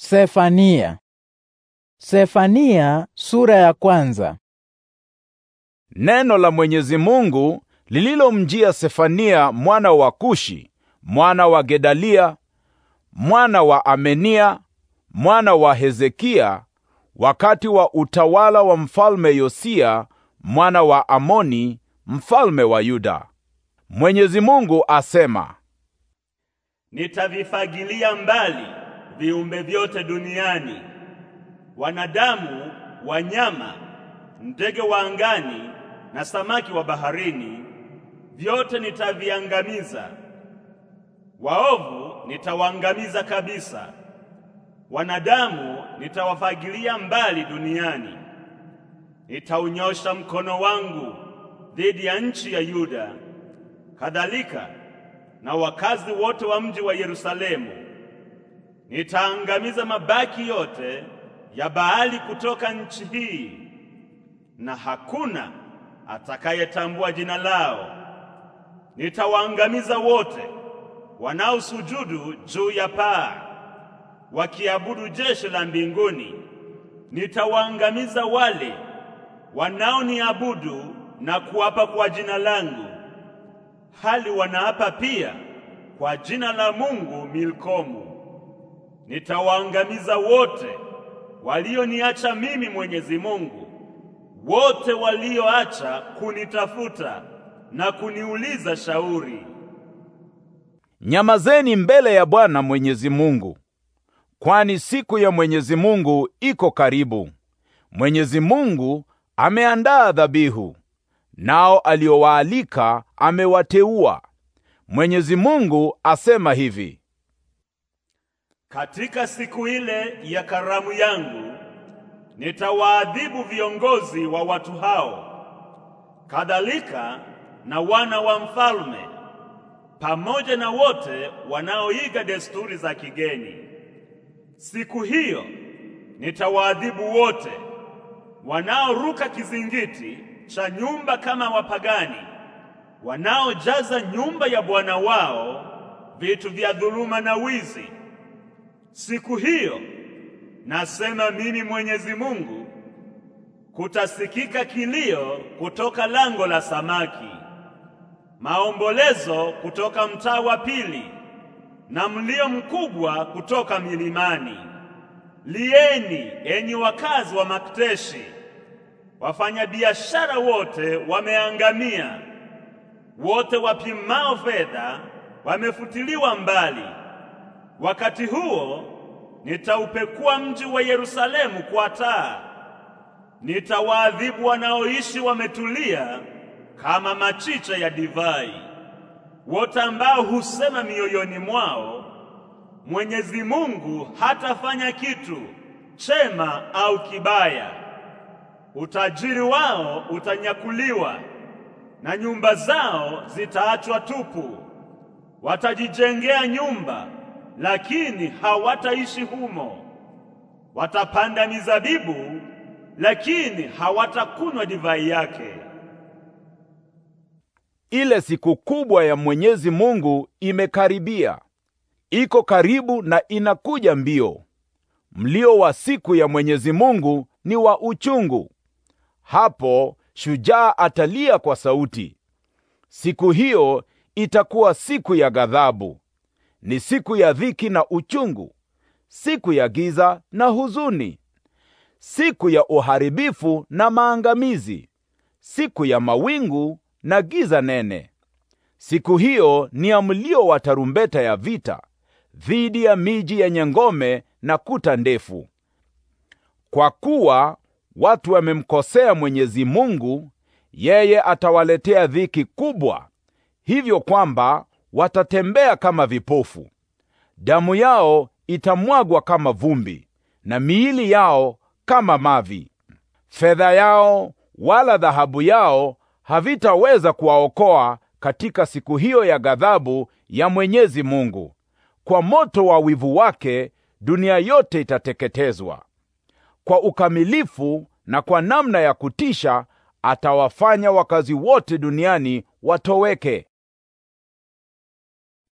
Sefania. Sefania sura ya kwanza. Neno la Mwenyezi Mungu lililomjia Sefania mwana wa Kushi, mwana wa Gedalia, mwana wa Amenia, mwana wa Hezekia, wakati wa utawala wa mfalme Yosia, mwana wa Amoni, mfalme wa Yuda. Mwenyezi Mungu asema, nitavifagilia mbali viumbe vyote duniani, wanadamu, wanyama, ndege wa angani na samaki wa baharini, vyote nitaviangamiza. Waovu nitawaangamiza kabisa. Wanadamu nitawafagilia mbali duniani. Nitaunyosha mkono wangu dhidi ya nchi ya Yuda, kadhalika na wakazi wote wa mji wa Yerusalemu nitaangamiza mabaki yote ya Baali kutoka nchi hii, na hakuna atakayetambua jina lao. Nitawaangamiza wote wanaosujudu juu ya paa wakiabudu jeshi la mbinguni. Nitawaangamiza wale wanaoniabudu na kuapa kwa jina langu, hali wanaapa pia kwa jina la Mungu Milkomu nitawaangamiza wote walioniacha mimi Mwenyezi Mungu, wote walioacha kunitafuta na kuniuliza shauri. Nyamazeni mbele ya Bwana Mwenyezi Mungu, kwani siku ya Mwenyezi Mungu iko karibu. Mwenyezi Mungu ameandaa dhabihu, nao aliowaalika amewateua. Mwenyezi Mungu asema hivi: katika siku ile ya karamu yangu nitawaadhibu viongozi wa watu hao, kadhalika na wana wa mfalme, pamoja na wote wanaoiga desturi za kigeni. Siku hiyo nitawaadhibu wote wanaoruka kizingiti cha nyumba kama wapagani, wanaojaza nyumba ya bwana wao vitu vya dhuluma na wizi Siku hiyo nasema mimi Mwenyezi Mungu, kutasikika kilio kutoka lango la samaki, maombolezo kutoka mtaa wa pili, na mlio mkubwa kutoka milimani. Lieni, enyi wakazi wa Makteshi, wafanyabiashara wote wameangamia, wote wapimao fedha wamefutiliwa mbali. Wakati huo nitaupekua mji wa Yerusalemu kwa taa, nitawaadhibu wanaoishi wametulia kama machicha ya divai, wote ambao husema mioyoni mwao, Mwenyezi Mungu hatafanya kitu chema au kibaya. Utajiri wao utanyakuliwa na nyumba zao zitaachwa tupu. Watajijengea nyumba lakini hawataishi humo. Watapanda mizabibu lakini hawatakunywa divai yake. Ile siku kubwa ya Mwenyezi Mungu imekaribia, iko karibu na inakuja mbio. Mlio wa siku ya Mwenyezi Mungu ni wa uchungu. Hapo shujaa atalia kwa sauti. Siku hiyo itakuwa siku ya ghadhabu ni siku ya dhiki na uchungu, siku ya giza na huzuni, siku ya uharibifu na maangamizi, siku ya mawingu na giza nene. Siku hiyo ni ya mlio wa tarumbeta ya vita dhidi ya miji yenye ngome na kuta ndefu, kwa kuwa watu wamemkosea Mwenyezi Mungu, yeye atawaletea dhiki kubwa, hivyo kwamba watatembea kama vipofu, damu yao itamwagwa kama vumbi, na miili yao kama mavi. Fedha yao wala dhahabu yao havitaweza kuwaokoa katika siku hiyo ya ghadhabu ya Mwenyezi Mungu. Kwa moto wa wivu wake dunia yote itateketezwa. Kwa ukamilifu na kwa namna ya kutisha atawafanya wakazi wote duniani watoweke.